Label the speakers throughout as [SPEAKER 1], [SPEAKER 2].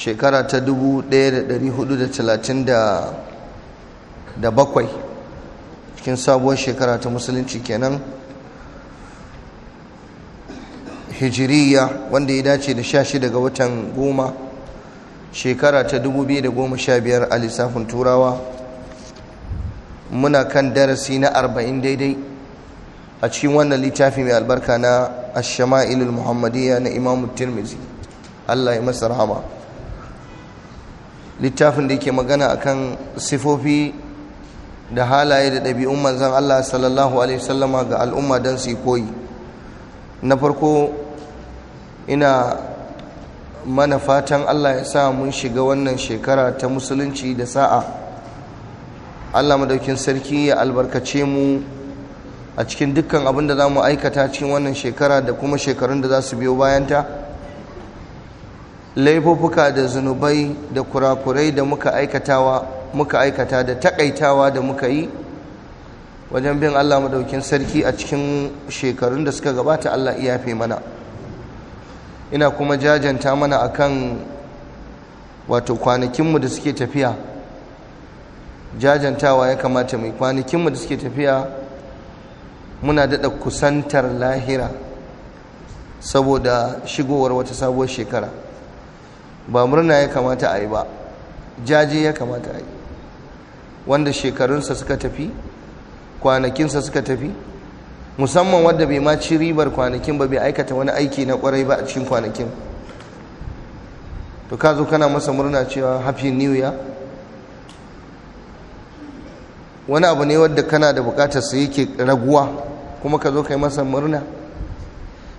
[SPEAKER 1] shekara ta 1437 cikin sabuwar shekara ta musulunci kenan hijiriya wanda ya dace da 16 daga watan goma shekara ta 2015 a lissafin turawa muna kan darasi na 40 daidai a cikin wannan littafi mai albarka na ashama'ilul muhammadiyya na imamu tirmizi allah ya masa rahama littafin da yake magana akan sifofi da halaye da ɗabi'un manzan Allah sallallahu alaihi wasallama ga al'umma don su koyi na farko ina mana fatan Allah ya sa mun shiga wannan shekara ta musulunci da sa'a Allah madaukin sarki ya albarkace mu a cikin dukkan abin da za mu aikata cikin wannan shekara da kuma shekarun da za su biyo bayanta laifuffuka da zunubai da kurakurai da muka aikatawa muka aikata da takaitawa da muka yi wajen bin Allah madaukin sarki a cikin shekarun da suka gabata Allah iya fi mana ina kuma jajanta mana akan wato kwanakinmu da suke tafiya jajantawa ya kamata mai kwanakinmu da suke tafiya muna daɗa kusantar lahira saboda shigowar wata sabuwar shekara ba murna ya kamata a yi ba jaje ya kamata a yi wanda shekarunsa suka tafi kwanakinsa suka tafi musamman wadda bai maci ribar kwanakin ba bai aikata wani aiki na kwarai ba a cikin kwanakin to ka zo kana masa murna cewa happy new year wani abu ne wadda kana da bukatar su yake raguwa kuma ka zo kai masa murna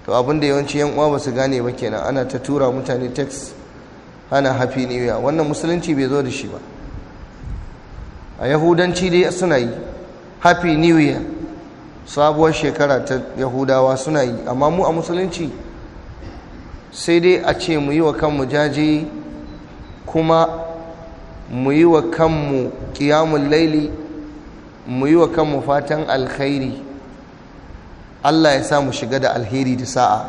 [SPEAKER 1] to abin da yawanci yan uwa ba su gane ba kenan ana ta tura mutane text hana hafi new wannan musulunci bai zo da shi ba a yahudanci dai suna yi hafi new sabuwar shekara ta yahudawa suna yi amma mu a musulunci sai dai a ce mu yi wa kanmu jaje kuma mu yi wa kanmu ƙiyamun laili mu yi wa kanmu fatan alkhairi allah ya sa mu shiga da alheri da sa'a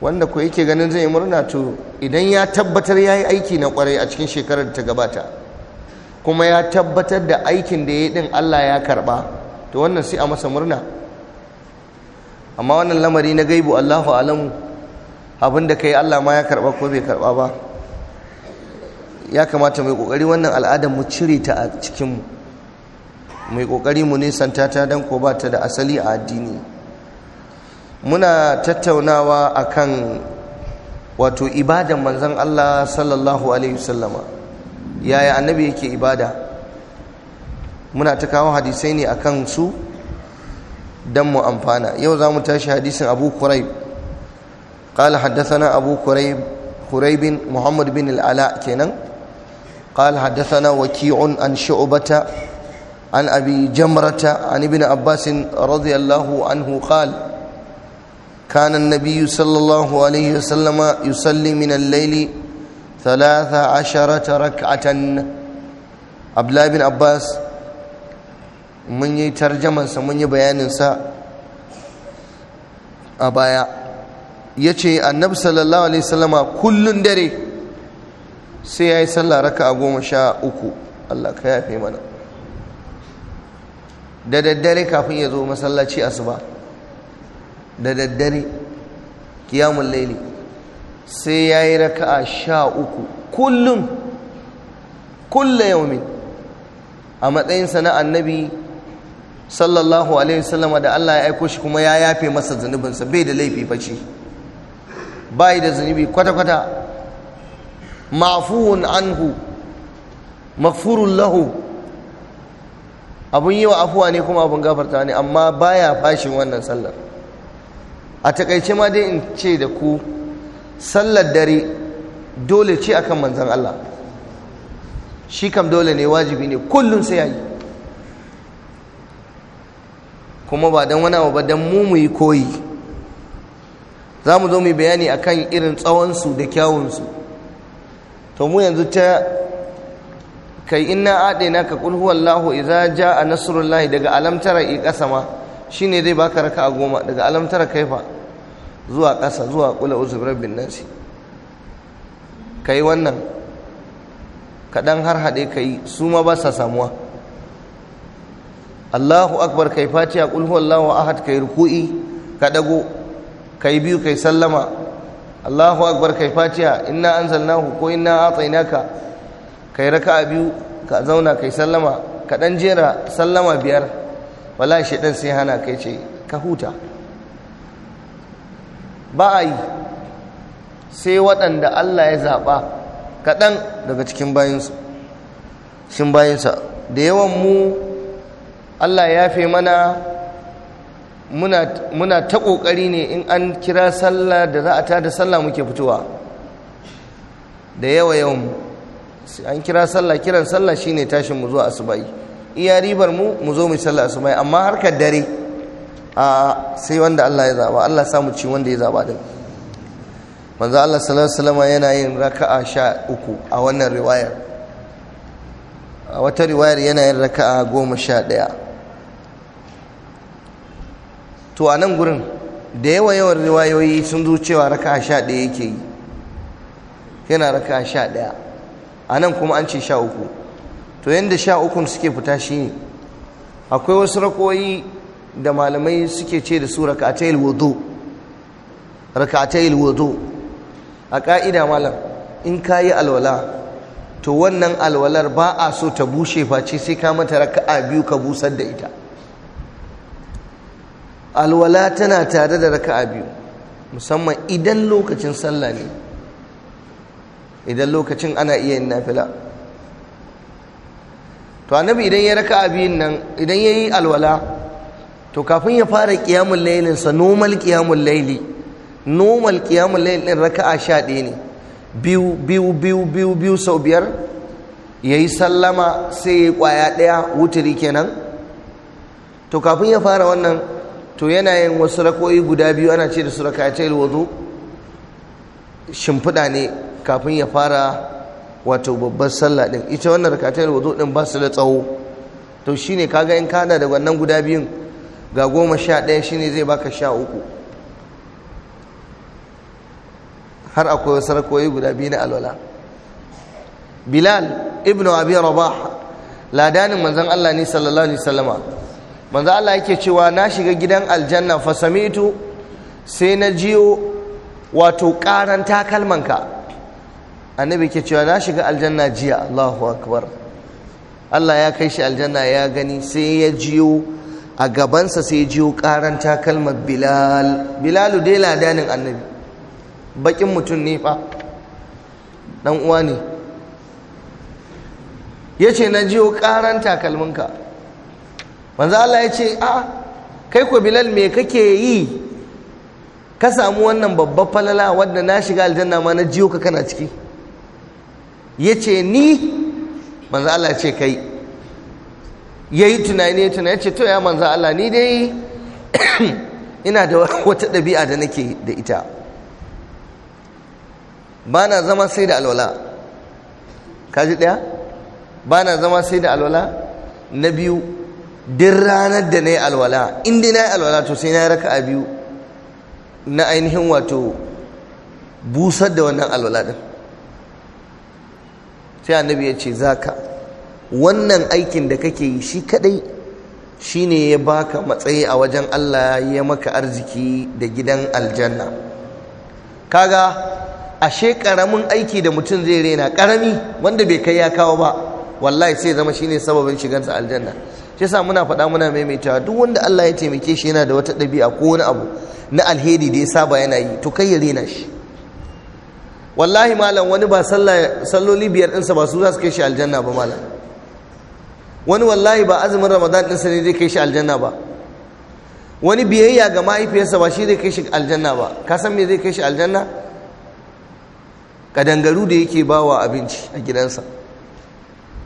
[SPEAKER 1] wanda ku yake ganin zai murna to idan ya tabbatar ya yi aiki na kwarai a cikin shekarar da ta gabata kuma ya tabbatar da aikin da ya yi din Allah ya karba to wannan sai a masa murna amma wannan lamari na gaibu Allahu alamu abinda ka yi Allah ma ya karba ko bai karba ba ya kamata mai kokari wannan al'adar mu cire ta a cikin mai kokari mu nisanta ta dan ko ba ta da asali a addini muna tattaunawa akan wato ibadan manzan Allah sallallahu alaihi wasallama yaya annabi yake ibada muna ta kawo hadisai ne a kan su dan mu amfana yau za mu tashi hadisin Abu Quraib قال حدثنا أبو كريب كريب محمد بن العلاء كنن قال حدثنا وكيع عن شعبة عن أبي جمرة عن ابن عباس رضي الله عنه قال كان النبي صلى الله عليه وسلم يصلي من الليل ثلاث عشرة ركعة عبد الله بن عباس من يترجم من بيان a baya ya ce annabi sallallahu alaihi sallama kullun dare sai ya yi sallah raka a goma sha uku allah ka yafe mana da daddare kafin ya zo masallaci asuba da daddare kiyamun laili sai ya yi raka a sha uku kullum kulla yaumin a matsayinsa na annabi sallallahu alaihi wasallama da Allah ya aiko shi kuma ya yafe masa zunubinsa bai da laifi bace bai da zunubi kwata-kwata mafuhun anhu maghfurun lahu abun yi wa afuwa ne kuma abun gafarta ne amma baya fashin wannan sallar a takaice ma dai in ce da ku sallar dare dole ce akan manzan Allah shi kam dole ne wajibi ne kullum sai yayi kuma ba don wani abu ba don mu mu yi koyi za mu zo mu bayani akan irin tsawonsu da kyawunsu to mu yanzu ta kai ina aɗe na ka kulhu ja idza jaa nasrullahi daga alamtara i kasama Shi ne zai baka raka goma daga alamtara kaifa zuwa ƙasa zuwa kula uzub rabbin nasi yi wannan kaɗan har haɗe ka yi su ma ba sa samuwa Allahu akbar kai fatiha qul huwallahu ahad kai ruku'i ka ka kai biyu kai sallama Allahu akbar kai fatiha inna ku ko ka yi kai a biyu ka zauna kai sallama ka ɗan jera sallama biyar shi ɗan sai hana kai ce ka huta ba a yi sai waɗanda Allah ya zaɓa kaɗan daga cikin bayansu cikin bayansa da yawan mu Allah ya fi mana muna ta ƙoƙari ne in an kira sallah da za a ta da sallah muke fitowa da yawa yawan an kira sallah kiran sallah shine tashin mu zuwa asuba'i iya ribar mu mu zo mu sallah asubai amma harkar dare a sai wanda Allah ya zaba Allah sa mu ci wanda ya zaba din manzo Allah sallallahu alaihi yana yin raka'a sha uku a wannan riwayar a wata riwayar yana yin raka'a goma sha ɗaya to a nan gurin da yawa yawan riwayoyi sun zo cewa raka'a sha ɗaya yake yi yana raka'a sha ɗaya a nan kuma an ce sha uku to yadda sha ukun suke fita shi ne akwai wasu rakoyi da malamai suke ce da su raka'atayil wudu raka'atayil wudu a ka'ida malam in ka yi alwala to wannan alwalar ba a so ta bushe face sai ka mata raka'a biyu ka busar da ita alwala tana tare da raka'a biyu musamman idan lokacin sallah ne idan lokacin ana iya yin nafila to annabi idan ya raka abin nan idan yayi alwala to kafin ya fara kiyamun lailinsa nomal kiyamun laili nomal kiyamun lailin a sha ɗaya ne biyu biyu biyu biyu biyu sau biyar ya yi sallama sai ya yi ƙwaya ɗaya wuturi kenan to kafin ya fara wannan to yana yin wasu rakoyi guda biyu ana ce da su raka ta ilwazo shimfiɗa ne kafin ya fara wato babbar sallah din ita wannan rakatayil wudu din ba su da tsawo to shine kaga in kana da wannan guda biyun ga goma sha ɗaya shine zai baka sha uku har akwai wasu rakoyi guda biyu na alwala bilal ibn abi rabah ladanin manzon Allah ne sallallahu alaihi wasallama manzon Allah yake cewa na shiga gidan aljanna fasamitu sai na jiyo wato karan takalmanka annabi ke cewa na shiga aljanna jiya Allahu akbar Allah ya kai shi aljanna ya gani sai ya jiyo a gabansa sai ya jiyo karan kalmar bilal bilalu dai ladanin annabi bakin mutum ne fa dan uwa ne ya ce na jiyo karan takalminka manzo Allah ya ce a kai ko bilal me kake yi ka samu wannan babbar falala wadda na shiga aljanna ma na jiyo ka kana ciki ya ce ni manza Allah ce kai ya yi tunani ya tunani ya ce to ya manza Allah ni dai ina da wata ɗabi'a da nake da ita ba na zama sai da alwala kaji ɗaya ba na zama sai da alwala na biyu din ranar da na yi alwala inda na yi alwala to sai na yi raka a biyu na ainihin wato busar da wannan alwala din sai annabi ya ce zaka wannan aikin da kake yi shi kadai shine ya baka matsayi a wajen Allah ya maka arziki da gidan aljanna kaga ashe karamin aiki da mutum zai rena karami wanda bai kai ya kawo ba wallahi sai zama shine sababin shigansa aljanna shi yasa muna faɗa muna maimaitawa duk wanda Allah ya taimake shi yana da wata ɗabi'a ko wani abu na alheri da ya saba yana yi to kai ya rena shi wallahi malam wani ba salloli biyar ɗinsa ba su za su kai shi aljanna ba malam wani wallahi ba azumin ramadan ɗinsa ne zai kai shi aljanna ba wani biyayya ga mahaifiyarsa ba shi zai kai shi aljanna ba ka san me zai kai shi aljanna kadangaru da yake bawa abinci a gidansa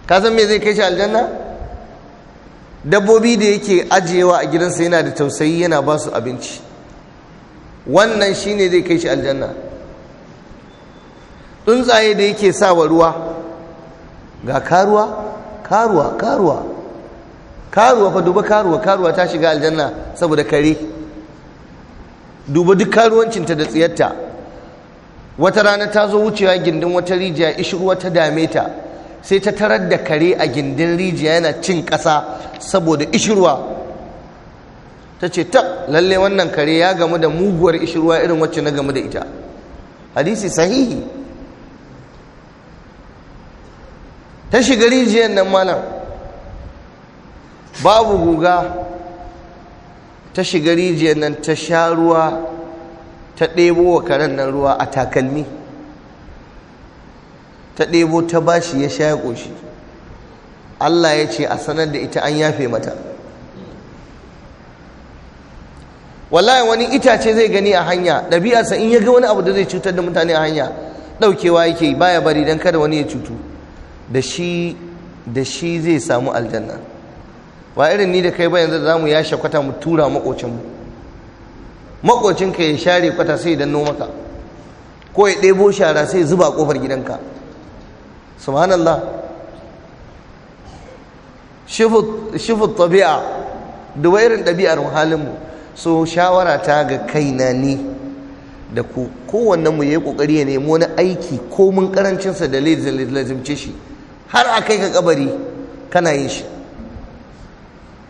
[SPEAKER 1] ka san me zai kai shi aljanna dabbobi da yake ajiyewa a gidansa yana da tausayi yana ba su abinci wannan shine zai kai shi aljanna tsuntsaye da yake sawa wa ruwa ga karuwa karuwa karuwa karuwa fa duba karuwa karuwa ta shiga aljanna saboda kare duba duk karuwancinta da tsiyarta wata rana ta zo wucewa gindin wata rijiya ishirwa ta dame ta sai ta tarar da kare a gindin rijiya yana cin kasa saboda ishirwa ta ce ta lalle wannan kare ya gamu da muguwar ishirwa irin wacce na gamu da ita hadisi sahihi ta shiga rijiyar nan mana babu guga ta shiga rijiyar nan ta sha ruwa ta ɗebo wa karen nan ruwa a takalmi ta ɗebo ta bashi ya sha ya ƙoshi Allah ya ce a sanar da ita an yafe mata wallahi wani itace zai gani a hanya ɗabi'arsa in ya ga wani abu da zai cutar da mutane a hanya ɗaukewa yake baya bari don kada wani ya cutu da shi zai samu aljanna ba irin ni da kai ba yanzu da zamu yashe kwata mu tura makocin mu ka ya share kwata sai dan maka ko ya ɗebo shara sai zuba kofar gidanka subhanallah shifu tabi'a duba irin ɗabi'ar halin mu so shawara ta ga kaina ne, da ku Kowanne mu yi ƙoƙari ya nemi wani aiki ko mun karancinsa da lazimce shi har a kai ka kabari kana yin shi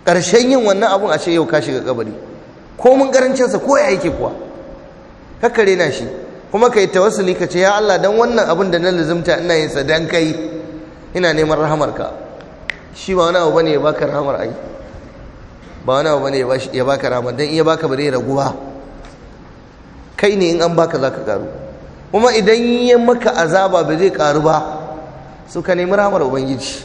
[SPEAKER 1] ƙarshen yin wannan abun a ce yau ka shiga kabari ko mun karancinsa ko ya yake kuwa kare na shi kuma ka yi tawassuli ka ce ya Allah dan wannan abun da na lazumta ina yin sa dan kai ina neman rahamarka shi ba wani abu bane ya baka rahamar ai ba wani abu bane ya baka rahamar dan iya baka bare ba. kai ne in an baka zaka karu kuma idan yi maka azaba ba zai karu ba suka nemi ramar ubangiji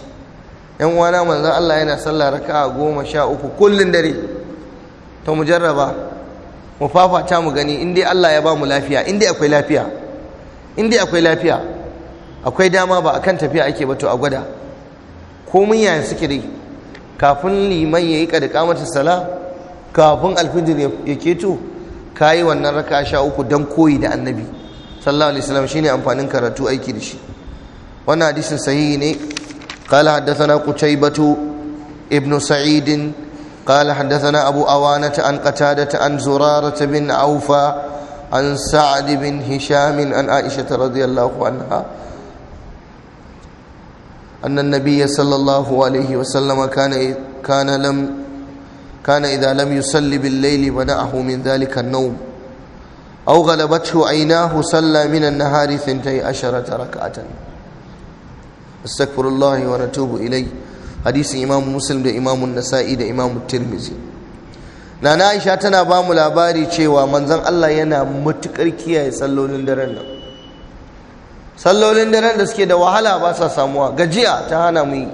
[SPEAKER 1] yan uwana manzan Allah yana sallah a goma sha uku kullum dare Ta mu jarraba mu fafata mu gani inda Allah ya ba mu lafiya Inda akwai lafiya inda akwai lafiya akwai dama ba akan tafiya ake ba to a gwada komai yayin dai? kafin liman ya yayi kadqamatu sala kafin alfijir ya keto kayi wannan raka sha uku don koyi da annabi sallallahu alaihi wasallam shine amfanin karatu aiki da shi wannan hadisin sahihi ne kala haddathana qutaybatu ibnu sa'id qala haddathana abu awana an qatadata an zurarata bin awfa an sa'd bin hisham an aisha radhiyallahu anha أن النبي صلى الله عليه وسلم كان كان لم كان إذا لم يصلي بالليل منعه من ذلك النوم أو غلبته عيناه صلى من النهار ثنتي عشرة ركعة astagfirullahi wa natubu ilai hadisin imam muslim da imam nasa'i da imam tirmizi nana aisha tana ba mu labari cewa manzon Allah yana matukar kiyaye sallolin daren nan sallolin daren da suke da wahala ba sa samuwa gajiya ta hana mu yi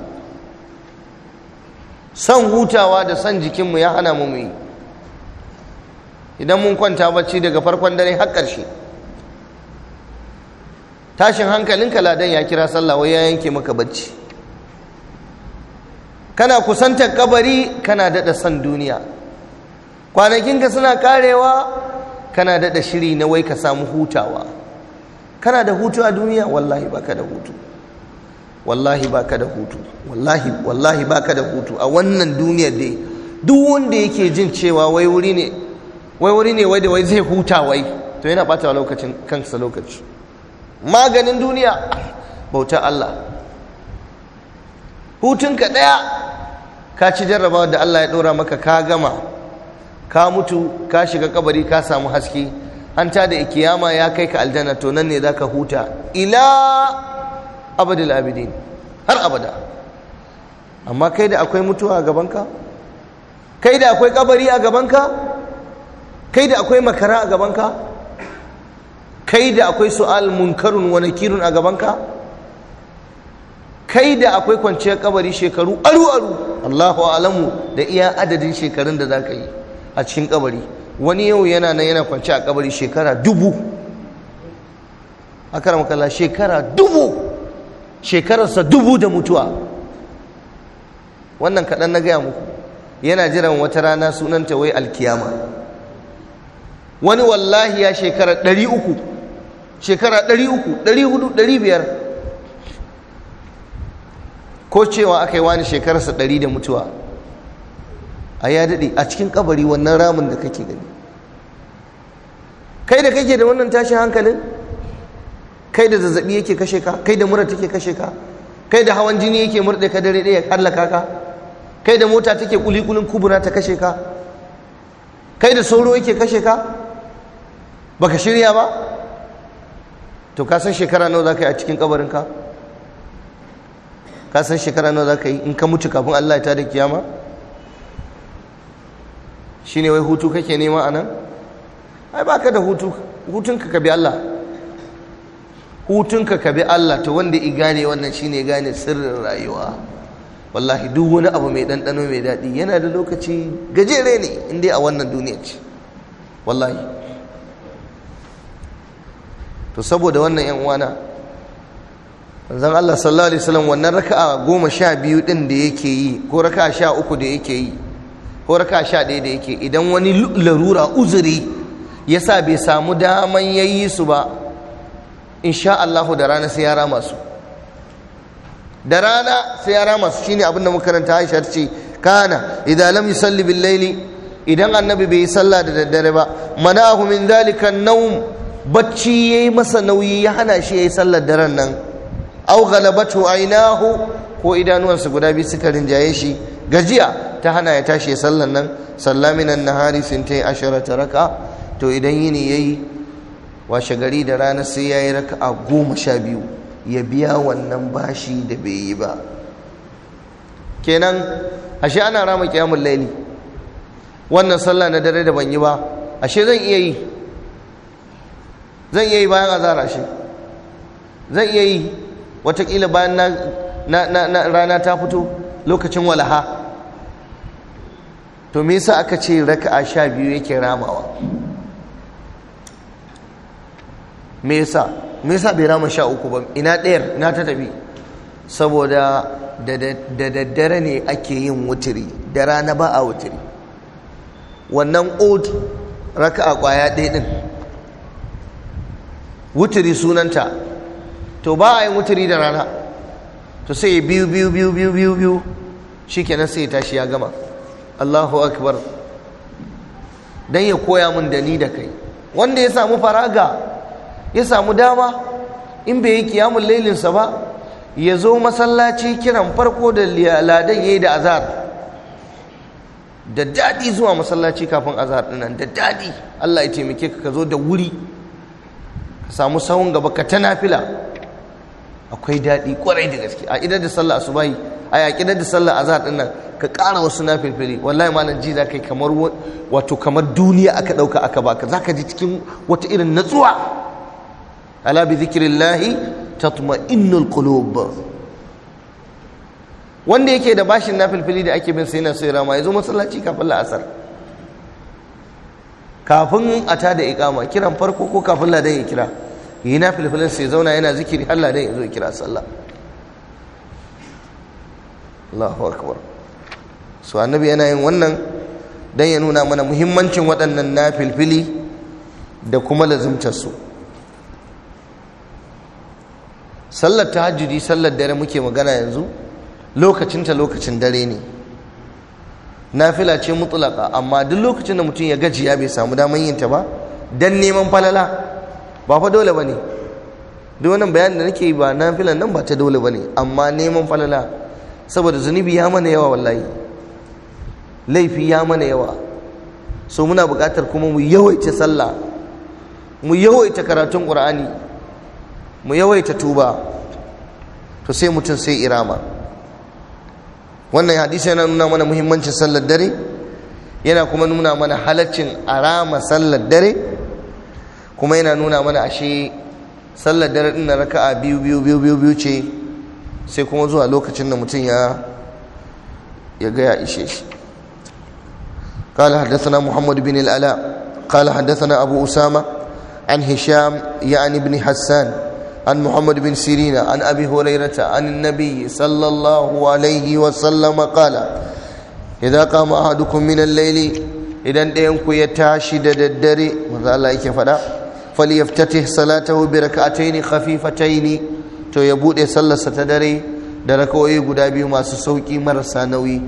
[SPEAKER 1] son hutawa da son jikinmu ya hana mu mu yi idan mun kwanta bacci daga farkon dare har ƙarshe tashin hankalinka ladan ya kira sallah wai ya yanke maka bacci kana kusantar kabari kana daɗa san duniya kwanakinka suna karewa kana daɗa shiri na wai ka samu hutawa kana da hutu a duniya wallahi baka da hutu wallahi baka da hutu wallahi wallahi baka da hutu a wannan duniyar dai duk wanda yake jin cewa wai wuri ne wai wuri ne wai da wai zai huta wai to yana bata lokacin kansa lokaci maganin duniya bautar Allah hutunka ɗaya ka ci jarraba da Allah ya ɗora maka ka gama ka mutu ka shiga kabari ka samu haske an ta da ikiyama ya kai ka aljanna to nan ne za ka huta ila abadul abidin har abada amma kai da akwai mutuwa a gabanka kai da akwai kabari a gabanka kai da akwai makara a gabanka kai da akwai su'al munkarun wani kirun a gabanka kai da akwai kwanciyar kabari shekaru aru aru Allahu alamu da iya adadin shekarun da za ka yi a cikin kabari wani yau yana nan yana kwanci a kabari shekara dubu akara makalla shekara dubu shekararsa dubu da mutuwa wannan kaɗan na gaya muku yana jiran wata rana sunanta wai alkiyama wani wallahi ya shekara ɗari uku shekara 300 400 ko cewa aka yi wani shekararsa 100 da mutuwa a ya daɗe a cikin kabari wannan ramin da kake gani kai da kake da wannan tashin hankalin kai da zazzabi yake kashe ka kai da mura take kashe ka kai da hawan jini yake murɗe ka dare ɗaya hallaka ka kai da mota take kulikulin kubura ta kashe ka kai da sauro yake kashe ka baka shirya ba to ka san shekara nawa za ka yi a cikin kabarinka ka san shekara nawa za ka yi in ka mutu kafin Allah ya tada kiyama shine wai hutu kake nema a nan? ai baka da hutu hutunka ka bi Allah hutunka ka bi Allah to wanda i gane wannan shine gane sirrin rayuwa wallahi duk wani abu mai ɗanɗano mai daɗi yana da lokaci gajere ne inda a wannan duniya ce wallahi to saboda wannan yan uwana zan Allah sallallahu alaihi wasallam wannan raka'a goma sha biyu din da yake yi ko raka'a sha uku da yake yi ko raka'a sha ɗaya da yake idan wani larura uzuri ya sa bai samu daman ya yi su ba insha Allahu da rana sai ya rama da rana sai ya rama shine abin da muka karanta Aisha ta ce kana idan lam yusalli bil laili idan annabi bai yi sallah da daddare ba manahu min zalika naum bacci yi masa nauyi ya hana shi yayi sallar daren nan au galabatu ainahu ko idanuwansa guda biyu suka rinjaye shi gajiya ta hana ya tashi ya sallar nan salla ta nahari sintai ta raka to idan yini ya yi, washe gari da rana sai ya yi raka a goma sha biyu ya biya wannan bashi da bai yi ba kenan ashe ana rama kyamun laili wannan sallah na dare da ban yi ba ashe zan iya yi zan iya yi bayan azara shi zan iya yi watakila bayan rana ta fito lokacin walaha to me yasa aka ce raka'a sha biyu yake ramawa me yasa me yasa bai rama sha uku ba ina ɗayar ina ta tafi saboda da daddare ne ake yin wutiri da rana ba a wuturi wannan od raka'a kwaya ɗaya ɗin wuturi sunanta to ba a yin wuturi da rana to sai biyu biyu biyu biyu biyu biyu kenan sai tashi ya gama Allahu akbar dan ya koya mun da ni da kai wanda ya samu faraga ya samu dama in bai yi kiyamun lailinsa ba ya zo masallaci kiran farko da ladan ya yi da azar da daɗi zuwa masallaci kafin azar ɗinan da daɗi Allah ya taimake ka ka zo da wuri ka samu sahun gaba ka ta nafila akwai daɗi kwarai da gaske a idar da sallah su bayi a yaƙi da sallah a a ɗin nan ka ƙara wasu nafilfili wallahi malam ji yi kamar wato kamar duniya aka ɗauka aka baka ka ji cikin wata irin natsuwa ala bi tuma innul qulub wanda yake da bashin nafilfili da ake bin sai na sai rama zo masallaci kafin la'asar kafin a ta da ikama kiran farko ko kafin ladan ya kira yi na filfilin sai zauna yana zikiri har ladan ya zo ya kira sallah Allahu akbar so annabi yana yin wannan dan ya nuna mana muhimmancin waɗannan na filfili da kuma lazumtar su sallar tahajjudi sallar dare muke magana yanzu lokacinta lokacin dare ne nafila ce mutulaka amma duk lokacin da mutum ya gajiya bai samu daman yin ta ba dan neman falala ba fa dole bane duk wannan bayanin da nake yi ba nafilan nan ba ta dole bane amma neman falala saboda zunubi ya mana yawa wallahi laifi ya mana yawa so muna buƙatar kuma mu yawaita sallah mu yawaita karatun ƙur'ani mu yawaita tuba to sai mutum sai irama wannan hadisi yana nuna mana muhimmancin sallar dare yana kuma nuna mana halaccin arama sallar dare kuma yana nuna mana ashe sallar dare din raka'a biyu biyu biyu biyu biyu ce sai kuma zuwa lokacin da mutum ya ya gaya ishe shi قال حدثنا محمد بن الألاء قال حدثنا أبو أسامة عن هشام يعني بن حسان an محمد بن سيرين عن أبي هريرة عن النبي صلى الله عليه وسلم قال إذا قام أحدكم من الليل إذا ɗayanku ya tashi da daddare maza Allah yake faɗa falyaftati salatahu bi rak'ataini khafifataini to ya bude sallarsa ta dare da rakawoyi guda biyu masu sauki marasa nauyi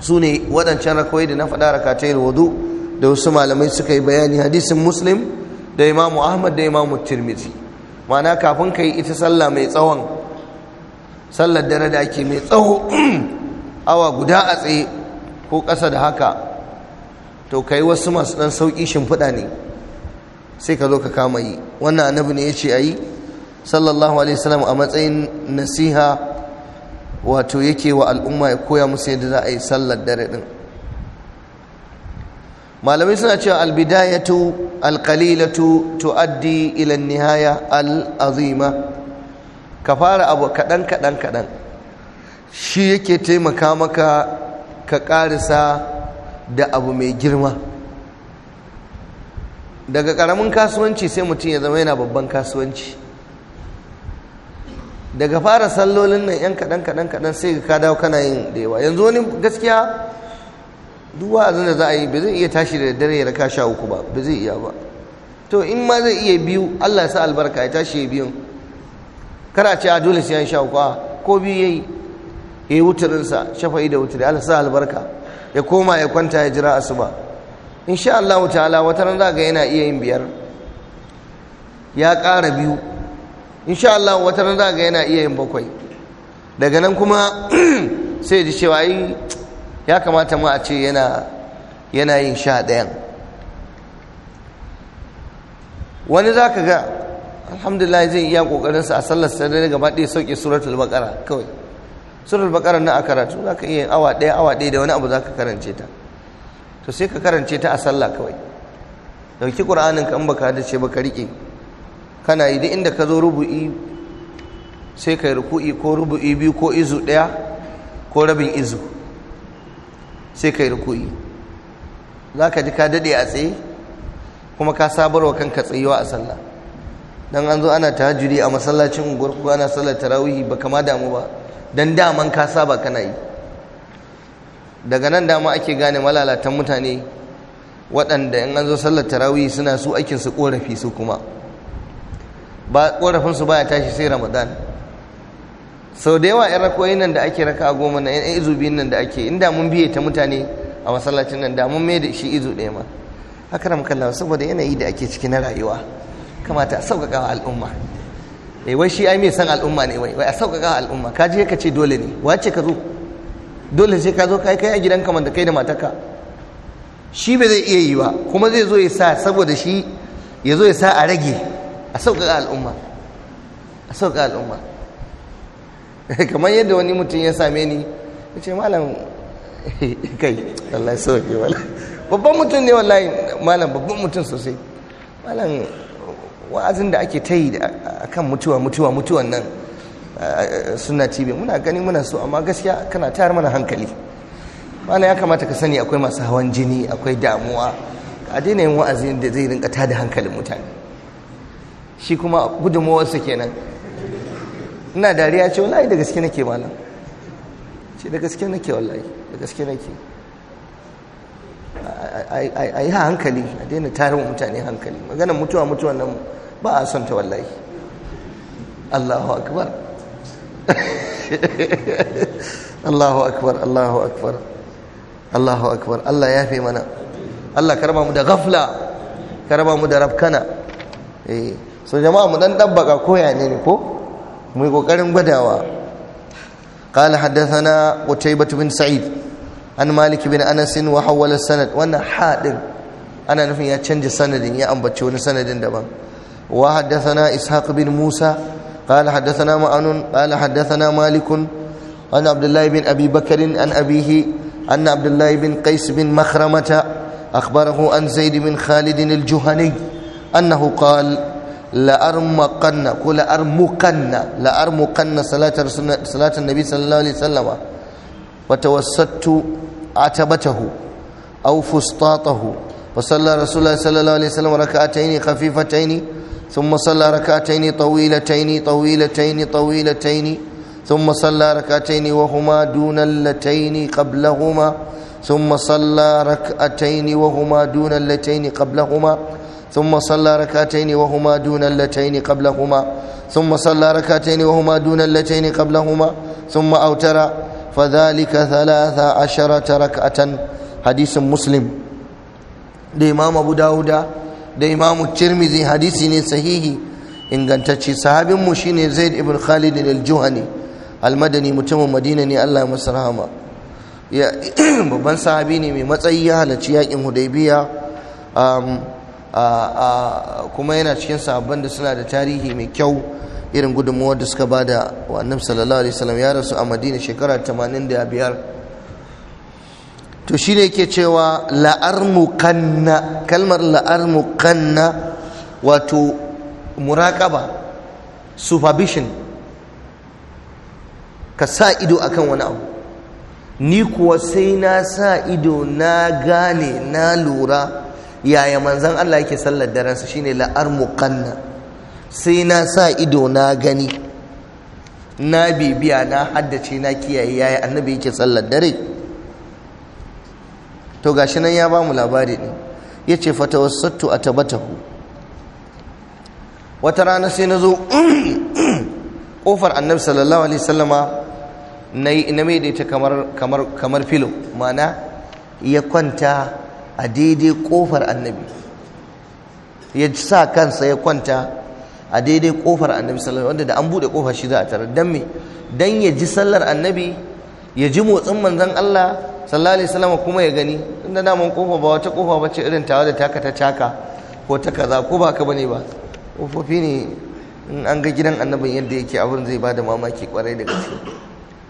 [SPEAKER 1] su ne waɗancan rakawoyi da na faɗa rakatai wudu da wasu malamai suka yi bayani hadisin muslim da imamu ahmad da imamu tirmidhi ma'ana kafin ka yi ita sallah mai tsawon sallar dare da ake mai tsawo awa guda a tsaye ko ƙasa da haka to ka yi wasu masu ɗan sauƙi shimfiɗa ne sai ka zo ka kama yi wannan annabi ne ya ce a yi sallallahu alaihi wasallam a matsayin nasiha wato yake wa al'umma ya koya musu yadda za a yi sallar dare ɗin malamai suna cewa albidayatu alkalilatu tuaddi ila nihaya alazima ka fara abu kadan kadan kadan shi yake taimaka maka ka karisa da abu mai girma daga karamin kasuwanci sai mutum ya zama yana babban kasuwanci daga fara sallolin nan yan kadan kadan kadan sai ka dawo kana yin da yawa yanzu wani gaskiya duk azan da za a yi ba zai iya tashi da dare ya raka sha uku ba ba zai iya ba to in ma zai iya biyu Allah ya sa albarka ya tashi ya biyun kara ce a ah, dole sai ya sha uku ah, ko biyu yayi ya wutarin sa shafa'i da wuturi Allah sa albarka ya koma ya kwanta ya jira asuba insha Allah ta'ala wata ran za ga yana iya yin biyar ya ƙara biyu insha Allah wata ran za ga yana iya yin bakwai daga nan kuma sai ji cewa ai ya kamata mu a ce yana yana yin sha ɗayan wani za ka ga alhamdulillah zai iya ƙoƙarinsa a sallar sadar gaba ɗaya sauke suratul baƙara kawai suratul baƙara na a karatu za ka iya yin awa ɗaya awa ɗaya da wani abu za ka karance ta to sai ka karance ta a sallah kawai ɗauki ƙur'anin ka in baka da ce baka riƙe kana yi duk inda ka zo rubu'i sai ka yi ruku'i ko rubu'i biyu ko izu ɗaya ko rabin izu sai ka yi ruku'i za ka ji ka daɗe a tsaye kuma ka sabarwa kanka tsayuwa a sallah don an zo ana tahajjudi a masallacin unguwar kuma ana sallar tarawihi ba kama damu ba don daman ka saba kana yi daga nan dama ake gane malalatan mutane waɗanda in an zo sallar tarawihi suna su aikinsu ƙorafi su kuma ba korafin su baya tashi sai ramadan sau da yawa yan rakoyin nan da ake raka a goma na yan izubi biyun nan da ake inda mun biye ta mutane a masallacin nan da mun mai da shi izu ɗaya ma haka ram kallawa saboda yanayi da ake ciki na rayuwa kamata a sauƙaƙa wa al'umma eh wai shi ai mai san al'umma ne wai a sauƙaƙa wa al'umma ka je ka ce dole ne wace ka zo dole sai ka zo kai kai a gidanka man da kai da matarka shi ba zai iya yi ba kuma zai zo ya sa saboda shi ya zo ya sa a rage a sauƙaƙa al'umma a sauƙaƙa al'umma kamar yadda wani mutum ya same ni ya ce malam kai wallahi so ke wala babban mutum ne wallahi malam babban mutum sosai malam wa'azin da ake ta yi akan mutuwa mutuwa mutuwan nan suna tibe muna gani muna so amma gaskiya kana tayar mana hankali mana ya kamata ka sani akwai masu hawan jini akwai damuwa a daina yin wa'azin da zai rinka da hankalin mutane shi kuma gudunmawarsa kenan ina dariya ce wallahi da gaske nake nan ce da gaske nake wallahi da gaske nake a yi hankali a daina tarin mutane hankali maganin mutuwa mutuwa nan ba a son ta wallahi Allahu akbar Allahu akbar Allahu akbar Allahu akbar Allah ya fi mana Allah karba mu da ghafla karba mu da rafkana eh so jama'a mu dan dabbaka koya ne ko mai kokarin gwadawa قال حدثنا قتيبة بن سعيد عن مالك بن أنس وحول السند وانا حادم أنا نفي يا تشنج سند يا أنبتش وأنا سند دبا وحدثنا إسحاق بن موسى قال حدثنا معن قال حدثنا مالك عن عبد الله بن أبي بكر عن أبيه أن عبد الله بن قيس بن مخرمة أخبره عن زيد بن خالد الجهني أنه قال la'armakanna ko la'armukanna la'armukanna salatar salatar nabi sallallahu alaihi wasallama wa tawassattu atabatahu aw fustatahu wa salla rasulullah sallallahu alaihi wasallam rak'atayn khafifatayn thumma salla rak'atayn tawilatayn tawilatayn tawilatayn ثم صلى ركعتين وهما دون اللتين قبلهما ثم صلى ركعتين وهما دون اللتين قبلهما ثم صلى ركعتين وهما دون اللتين قبلهما ثم صلى ركعتين وهما دون اللتين قبلهما ثم أوتر فذلك ثلاث عشرة ركعة حديث مسلم da imam abu dawuda da imam tirmizi hadisi ne sahihi ingantacce sahabin mu shine zaid ibn khalid al-juhani al mutumin madina ne Allah ya masa babban sahabi ne mai matsayi ya halarci yakin hudaybiya kuma yana cikin sahabban da suna da tarihi mai kyau irin gudunmuwar da suka bada wa annabi sallallahu alaihi wasallam ya rasu a madina shekara 85 to shine yake cewa la'armukanna kalmar la'armukanna wato muraqaba supervision ka sa ido akan wani abu ni kuwa sai na sa ido na gane na lura yaya manzan Allah yake sallar daren sa shine la'ar muqanna sai na sa ido na gani na bibiya na haddace na kiyaye yaya annabi yake sallar dare to gashi nan ya ba mu labari ne yace fatawassattu atabatahu wata rana sai na zo kofar annabi sallallahu alaihi wasallama na mai da ita kamar filo mana ya kwanta a daidai kofar annabi ya sa kansa ya kwanta a daidai kofar annabi sallallahu alaihi wanda da an bude kofar shi za a tarar dan me dan ya ji sallar annabi ya ji motsin manzon Allah sallallahu alaihi wasallam kuma ya gani inda mun kofa ba wata kofa bace irin tawa da taka ta taka ko ta kaza ko ba ka bane ba kofofi ne in an ga gidan annabin yadda yake abin zai bada mamaki kwarai da gaske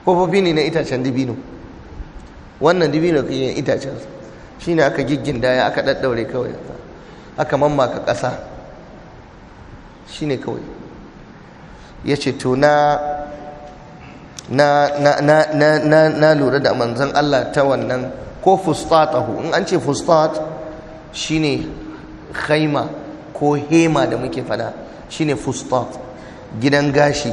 [SPEAKER 1] kofofi ne na itacen dibino wannan dibino kan itacen shine aka jijjin daya aka daddaure kawai aka mammaka ƙasa shine kawai ya ce to na na na na na na na lura da manzon Allah ta wannan ko fustatahu in an ce fustat shine khaima ko hema da muke fada shine fustat gidan gashi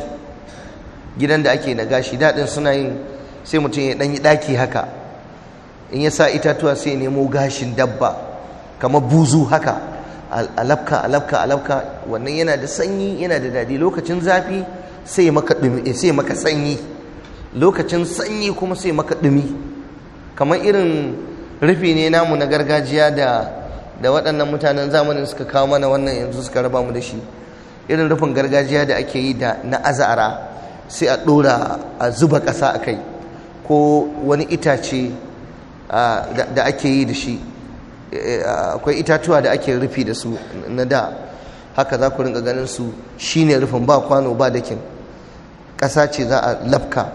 [SPEAKER 1] gidan da ake na gashi daɗin suna yin sai mutum ya yi ɗaki haka in ya sa itatuwa sai ya nemo gashin dabba kamar buzu haka alafka alafka alafka wannan yana da sanyi yana da daɗi lokacin zafi sai maka eh, sai maka sanyi lokacin sanyi kuma sai maka ɗumi kamar irin rufi ne namu na gargajiya da da waɗannan mutanen zamanin suka kawo mana wannan yanzu suka raba mu da shi irin rufin gargajiya da ake yi da na azara sai a ɗora a zuba ƙasa a kai ko wani itace da ake yi da shi e, e, akwai itatuwa da ake rufi da su na da haka za ku rinka ganin su shine rufin ba kwano ba dakin ƙasa ce za a lafka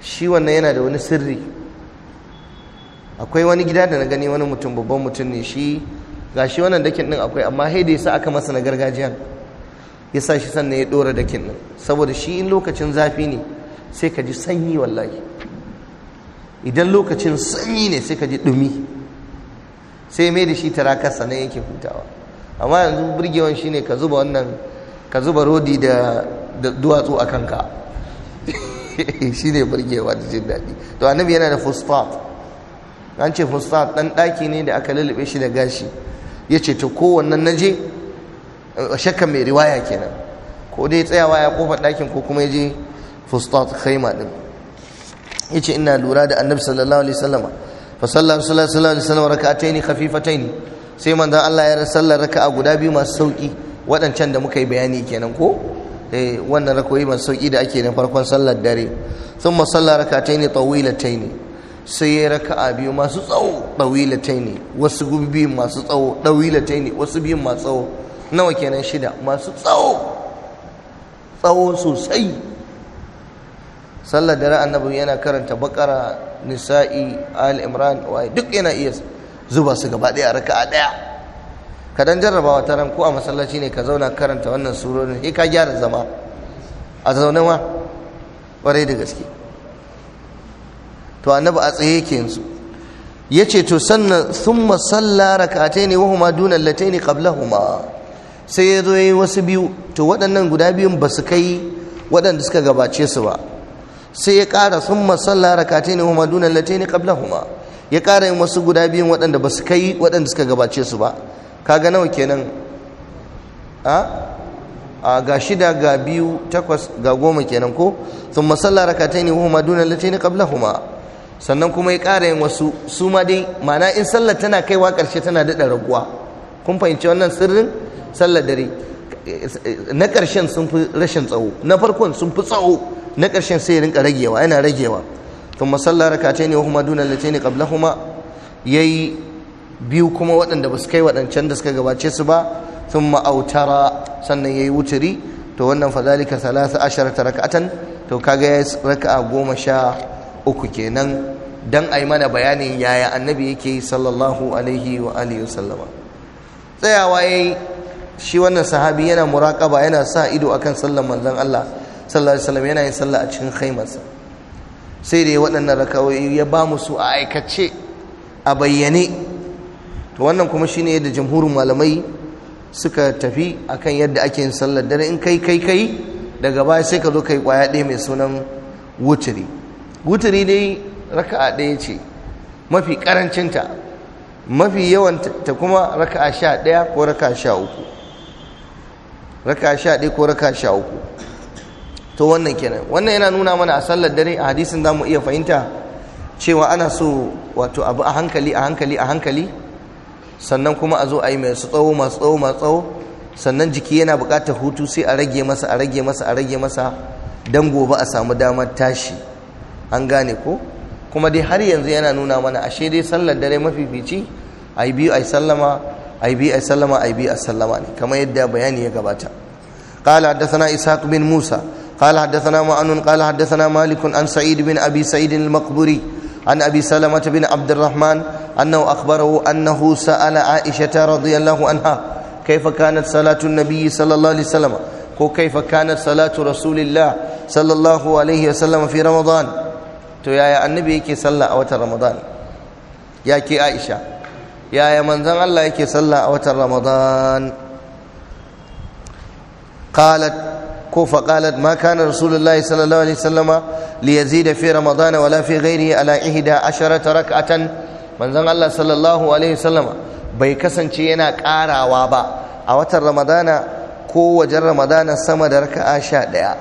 [SPEAKER 1] shi wannan yana da wani sirri akwai wani gida da na gani wani mutum babban mutum ne shi ga shi wannan dakin din akwai amma haida ya sa aka masa na gargajiyan ya sa shi sannan ya dora dakin din saboda shi in lokacin zafi ne sai ka ji sanyi wallahi idan lokacin sanyi ne sai ka ji dumi sai mai da shi tarakarsa na yake hutawa amma yanzu burgewan shi ka ka zuba rodi da duwatsu a kanka shi ne burgewa da jin daɗi to annabi yana da fosfat. an ce fosfat ɗan ɗaki ne da aka lalube shi da gashi ya ce to kowannan A shakka mai riwaya kenan ko dai tsayawa ya kofa ɗakin ko kuma ya je phosphate khaima ɗin yace ina lura da annabi sallallahu alaihi wasallam fa sallallahu sallallahu alaihi wasallam rak'ataini khafifataini sai manzon Allah ya sallar raka'a guda biyu masu sauki waɗancan da muka yi bayani kenan ko eh wannan rakoyi masu sauki da ake na farkon sallar dare thumma salla rak'ataini tawilataini sai ya raka'a biyu masu tsawo tawilataini wasu gubi masu tsawo tawilataini wasu biyun masu tsawo nawa kenan shida masu tsawo tsawo sosai sallar dare annabi yana karanta bakara nisa'i al imran duk yana iya zuba su gaba daya raka'a daya ka dan jarrabawa ta ran ko a masallaci ne ka zauna karanta wannan surorin sai ka gyara zama a zaune ma kwarai da gaske to annabi a tsaye yake yanzu yace to sannan thumma salla rak'ataini wa huma duna allataini qablahuma sai ya zo yayi wasu biyu to waɗannan guda biyun ba su kai waɗanda suka gabace su ba sai ya ƙara sun masalla rakate ne kuma dunan late ne kabla huma ya ƙara yin wasu guda biyun waɗanda ba su kai waɗanda suka gabace su ba kaga nawa kenan a a ga shida ga biyu takwas ga goma kenan ko sun masalla rakate ne kuma dunan late ne kabla huma sannan kuma ya ƙara yin wasu su ma dai ma'ana in sallar tana kaiwa ƙarshe tana daɗa raguwa kun fahimci wannan sirrin sallar dare eh, eh, na ƙarshen sun fi rashin tsawo na farkon sun fi tsawo na ƙarshen sai rinka ragewa yana ragewa tun masalla ce ne wa kuma dunan lace ne ƙabla kuma ya yi biyu kuma waɗanda ba su kai waɗancan da suka gabace su ba sun ma'autara sannan ya yi wuturi to wannan fazalika salasa ashirar ta raka'atan to kaga ya yi raka'a goma sha uku kenan Don a yi mana bayanin yaya annabi yake yi sallallahu alaihi wa alihi wasallama tsayawa ya yi shi wannan sahabi yana muraƙaba yana sa ido akan sallar manzon Allah sallallahu alaihi wasallam yana yin sallah a cikin khaimarsa sai dai waɗannan rakawai ya ba mu su a aikace a bayyane to wannan kuma shine yadda jamhurin malamai suka tafi akan yadda ake yin sallar dare in kai kai kai daga baya sai ka zo kai kwaya ɗaya mai sunan wuturi wuturi dai raka'a ɗaya ce mafi karancinta mafi yawan ta kuma raka'a sha ɗaya ko raka'a sha uku raka'a sha ɗaya ko raka'a sha uku to wannan kenan wannan yana nuna mana a sallar dare a hadisin za mu iya fahimta cewa ana so wato abu a hankali a hankali a hankali sannan kuma a zo a yi su tsawo masu tsawo masu tsawo sannan jiki yana buƙatar hutu sai a rage masa a rage masa a rage masa don gobe a samu damar tashi an gane ko kuma dai har yanzu yana nuna mana ashe dai sallar dare mafifici a yi biyu a yi sallama a yi biyu a yi sallama a yi biyu a sallama ne kamar yadda bayani ya gabata قال حدثنا إسحاق بن موسى قال حدثنا معن قال حدثنا مالك عن سعيد بن أبي سعيد المقبري عن أبي سلمة بن عبد الرحمن أنه أخبره أنه سأل عائشة رضي الله عنها كيف كانت صلاة النبي صلى الله عليه وسلم وكيف كانت صلاة رسول الله صلى الله عليه وسلم في رمضان تو يا النبي يكي صلى أوت رمضان يا كي عائشة يا يا من الله يكي صلى أوت رمضان قالت ko faqalat ma kana rasulullahi sallallahu alaihi wasallama li yazida fi ramadan wala fi ghairihi ala ihda asharata rak'atan manzon Allah sallallahu alaihi wasallama bai kasance yana karawa ba a watan ramadana ko wajen ramadana sama da raka'a Sha ɗaya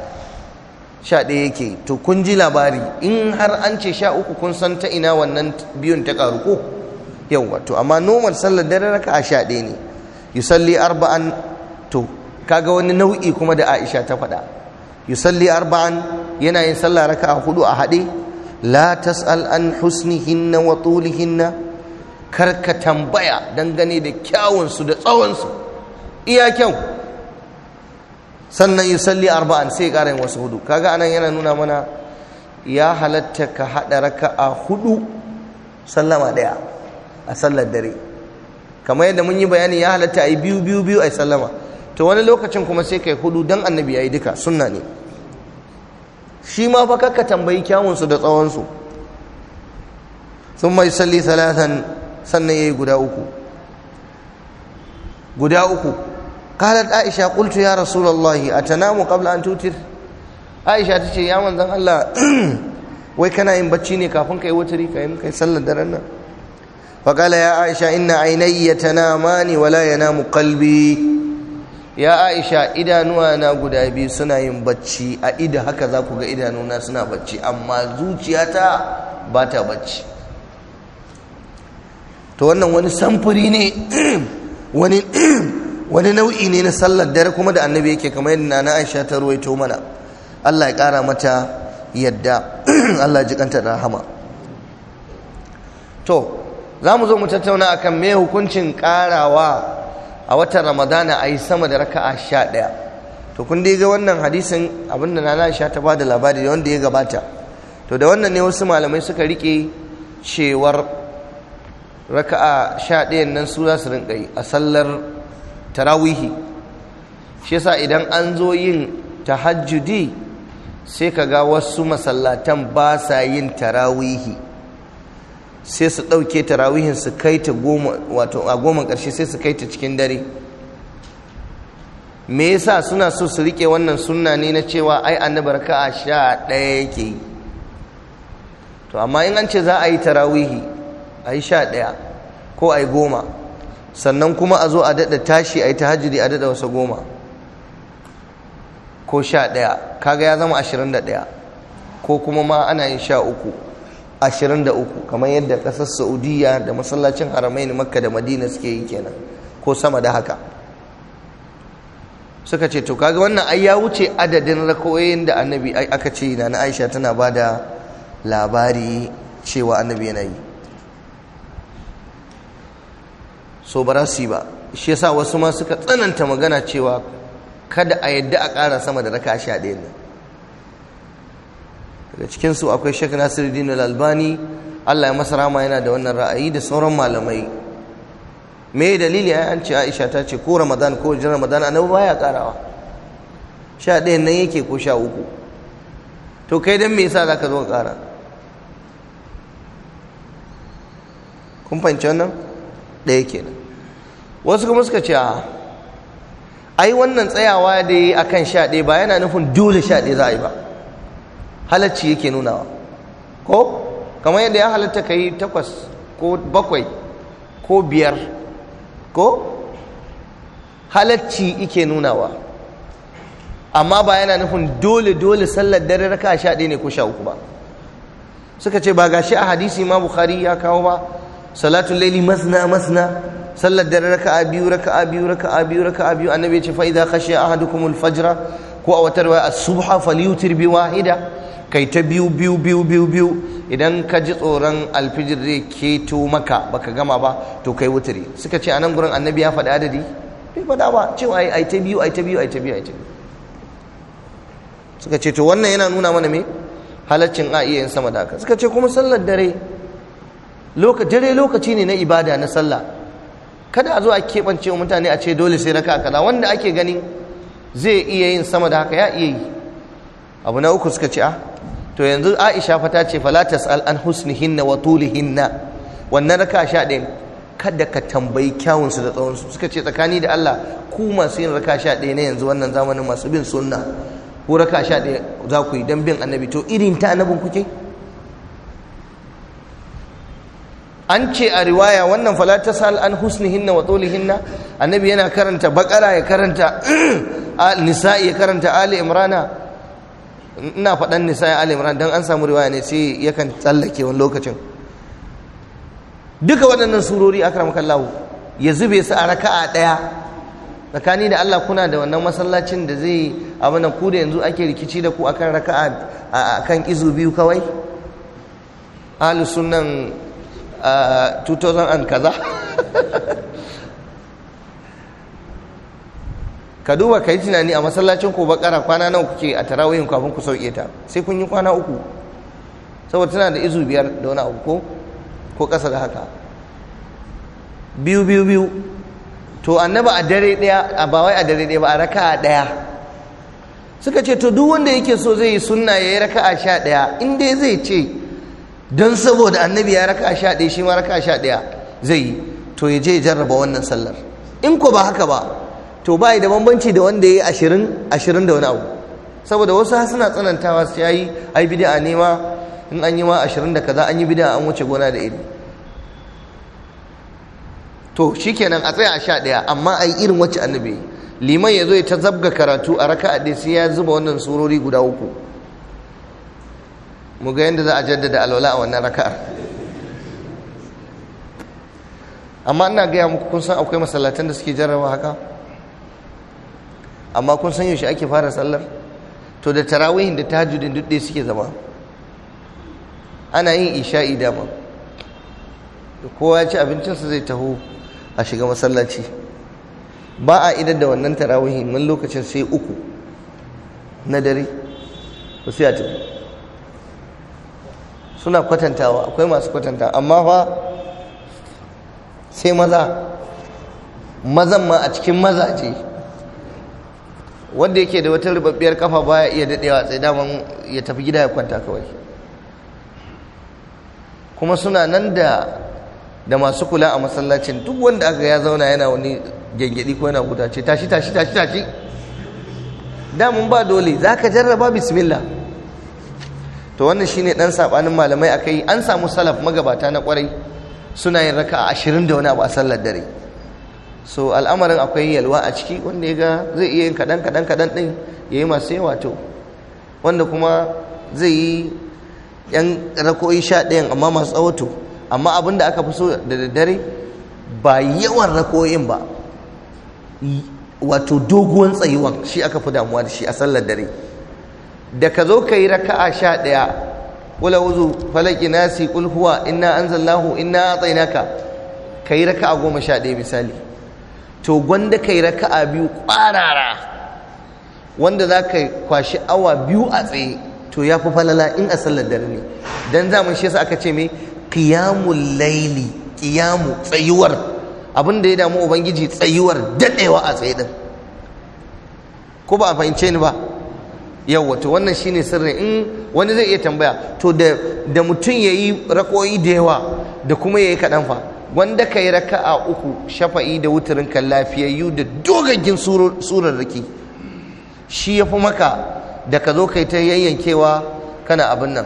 [SPEAKER 1] yake to kun ji labari in har an ce sha uku kun san ta ina wannan biyun ta karu ko yawa to amma normal sallar dare raka'a ɗaya ne yusalli arba'an to kaga wani nau'i kuma da Aisha ta faɗa yusalli arba'an yana yin sallah a hudu a haɗe la tas'al an husnihinna wa tulihinna kar ka tambaya dangane da kyawun su da tsawon su iya kyau sannan yusalli arba'an sai ƙara yin wasu hudu kaga anan yana nuna mana ya halatta ka haɗa raka a hudu sallama ɗaya a sallar dare kamar yadda mun yi bayani ya halatta a yi biyu biyu biyu a yi sallama ta wani lokacin kuma sai kai hudu don annabi ya duka suna ne shi ma fa kakka tambayi kyawunsu da tsawonsu Su mai salli salatan sannan ya yi guda uku guda uku kalar aisha kultu ya rasulallahi a tanamu kabla an tutir aisha ta ce ya manzan allah wai kana yin bacci ne kafin kai watiri ka yi kai sallar daren nan fa kala ya aisha ina ainihi ya tana mani wala ya namu kalbi ya aisha idanuwa na guda biyu suna yin bacci a ida haka za ku ga idanuna suna bacci amma zuciyata ba ta bacci to wannan wani samfuri ne wani nau'i ne na sallar dare kuma da annabi yake kamar yadda na aisha ta ruwaito mana allah ya kara mata yadda allah ji kanta da rahama to za mu zo mu tattauna akan me hukuncin karawa a watan ramadana a yi sama da raka'a sha ɗaya to kun dai ga wannan hadisin abinda na na sha ta ba da labari da wanda ya gabata to da wannan ne wasu malamai suka rike cewar raka'a sha ɗayan nan su za su rinka a sallar tarawihi shi yasa idan an zo yin tahajjudi sai ka ga wasu masallatan ba sa yin tarawihi sai su ɗauke tarawihin su kai ta goma wato a goma ƙarshe sai su kai ta cikin dare me yasa suna so su rike wannan sunna ne na cewa ai annabi raka'a sha ɗaya yake yi to amma in an ce za a yi tarawihi a yi sha ɗaya ko a yi goma sannan kuma a zo a daɗa tashi a yi ta tahajjudi a daɗa wasu goma ko sha ɗaya kaga ya zama ashirin da ɗaya ko kuma ma ana yin sha uku 23 kamar yadda kasar saudiya da masallacin haramain makka da madina suke yi kenan ko sama da haka suka ce to kaga wannan ai ya wuce adadin rakoyin da annabi aka ce na na aisha tana ba da labari cewa annabi yana yi so ba su yi ba shi yasa wasu ma suka tsananta magana cewa kada a yadda a ƙara sama da raka sha ɗaya nan daga cikin su akwai shek Nasiruddin Al-Albani Allah ya masa rama yana da wannan ra'ayi da sauran malamai me dalili ai an ce Aisha ta ce ko Ramadan ko jin Ramadan annabi baya karawa sha ɗayan nan yake ko sha uku to kai dan me yasa za ka zo ka kara kun fahimci wannan ɗaya nan wasu kuma suka ce a ai wannan tsayawa da yi a kan sha ɗaya ba yana nufin dole sha ɗaya za a yi ba halacci yake nunawa ko kamar yadda ya halatta ka yi takwas ko bakwai ko biyar ko halacci yake nunawa amma ba yana nufin dole dole sallar dare raka sha ɗaya ne ko sha uku ba suka ce ba gashi a hadisi ma bukhari ya kawo ba salatul laili masna masna sallar dare raka a biyu raka a biyu raka a biyu raka a biyu annabi ya ce fa idza khashiya kuma fajra ko a watar wa as-subha falyutir bi wahida kai ta biyu biyu biyu biyu biyu idan ka ji tsoron alfijir zai keto maka baka gama ba to kai wuturi suka ce a nan gurin annabi ya faɗi adadi bai faɗa ba cewa ai ta biyu ai ta biyu ai ta biyu ai ta biyu suka ce to wannan yana nuna mana me halaccin a iya yin sama da haka suka ce kuma sallar dare dare lokaci ne na ibada na sallah kada a zo a keɓance mutane a ce dole sai raka kaza wanda ake gani zai iya yin sama da haka ya iya yi abu na uku suka ce a ah, to yanzu aisha fa ta ce fala tas'al an husnihinna wa tulihinna wannan raka sha ɗaya kada ka tambayi kyawun su da tsawon su suka ce tsakani da Allah ku masu yin raka sha ɗaya na yanzu wannan zamanin masu bin sunna ko raka sha ɗaya za ku yi don bin annabi to irin ta annabin kuke an ce a riwaya wannan fala tas'al an husnihinna wa tulihinna annabi yana karanta bakara ya karanta nisa'i ya karanta ali imrana ina faɗan nisa ali imran dan an samu riwaya ne sai yakan tsallake wani lokacin duka waɗannan surori kallahu ya zube su a raka'a ɗaya tsakani da Allah kuna da wannan masallacin da zai abin na ku da yanzu ake rikici da ku akan raka'a akan izu biyu kawai alisunan sunan 2000 an kaza ka duba ka yi tunani a masallacin ku bakara kwana nawa kuke a tarawihin kafin ku sauke ta sai kun yi kwana uku saboda tana da izu biyar da wani abu ko ko ƙasa da haka biyu biyu biyu to annaba a dare ɗaya a ba wai a dare ɗaya ba a raka'a ɗaya suka ce to duk wanda yake so zai yi sunna ya yi raka'a sha ɗaya in dai zai ce don saboda annabi ya raka'a sha ɗaya shi ma raka'a sha ɗaya zai yi to ya je ya jarraba wannan sallar in ko ba haka ba to ba da bambanci da wanda ya yi ashirin ashirin da wani abu saboda wasu suna tsanantawa su yayi ai bid'a a ma in an yi ma ashirin da kaza an yi bid'a an wuce gona da iri to shikenan a tsaya a sha ɗaya amma a yi irin wacce annabi liman ya zo ya ta zabga karatu a raka a sai ya zuba wannan surori guda uku mu ga yadda za a jaddada alwala a wannan raka'ar amma ina gaya muku kun san akwai masallatan da suke jarraba haka amma kun san yaushe ake fara sallar to da tarawihin da tahajjudin duk dai suke zama ana yin isha'i dama kowa ya ci abincinsa zai taho a shiga masallaci ba a idar da wannan tarawihin mun lokacin sai uku na dare ba sai a tafi suna kwatantawa akwai masu kwatantawa amma fa sai maza mazan ma a cikin mazaje wanda yake da wata rubabbiyar kafa baya iya daɗewa tsaye daman ya tafi gida ya kwanta kawai kuma suna nan da masu kula a masallacin duk wanda aka ya zauna yana wani gyangyaɗi ko yana guda ce tashi tashi tashi tashi damun ba dole zaka jarraba bismillah to wannan shine dan saɓanin malamai akai an samu salaf magabata na kwarai suna yin raka a ashirin da wani abu a sallar dare so al'amarin akwai yalwa a ciki wanda ya ga zai iya yin kaɗan kaɗan kaɗan ɗin ya yi masu yawa to wanda kuma zai yi yan rakoyi sha ɗayan amma masu to amma abin da aka fi so da daddare ba yawan rakoyin ba wato doguwan tsayuwan shi aka fi damuwa da shi a sallar dare da ka zo ka yi raka'a sha ɗaya kula wuzu falaki nasi kulhuwa inna anzallahu inna atsainaka ka yi raka'a goma sha ɗaya misali to gwanda kai raka'a biyu ƙwarara wanda za ka kwashi awa biyu a tsaye to ya fi falala in a sallar dare ne za mu shi yasa aka ce me kiyamu laili kiyamu tsayuwar abin da ya damu ubangiji tsayuwar dadewa a tsaye din ko ba a fahimce ni ba yau wato wannan shine sirri in wani zai iya tambaya to da mutum ya yi rakoyi da yawa da kuma yayi kaɗan fa wanda ka yi raka'a uku shafa'i da ka lafiyayyu da dogagin surarraki shi ya fi maka da ka zo ka yi ta yayyankewa kana abin nan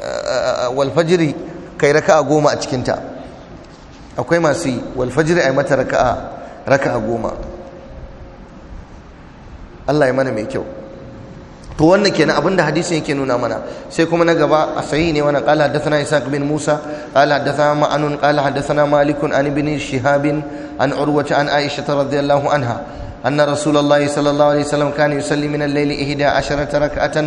[SPEAKER 1] eh, eh, walfajiri ka yi raka'a goma a cikinta akwai masu yi walfajiri a yi mata raka'a goma Allah ya mana mai kyau to wannan kenan abinda hadisin yake nuna mana sai kuma na gaba a sahihi ne wannan qala hadathana isaq bin musa qala hadathana ma'anun qala hadathana malik an ibn shihab an urwa an aisha radhiyallahu anha anna rasulullahi sallallahu alaihi wasallam kana yusalli min al-layl 11 rak'atan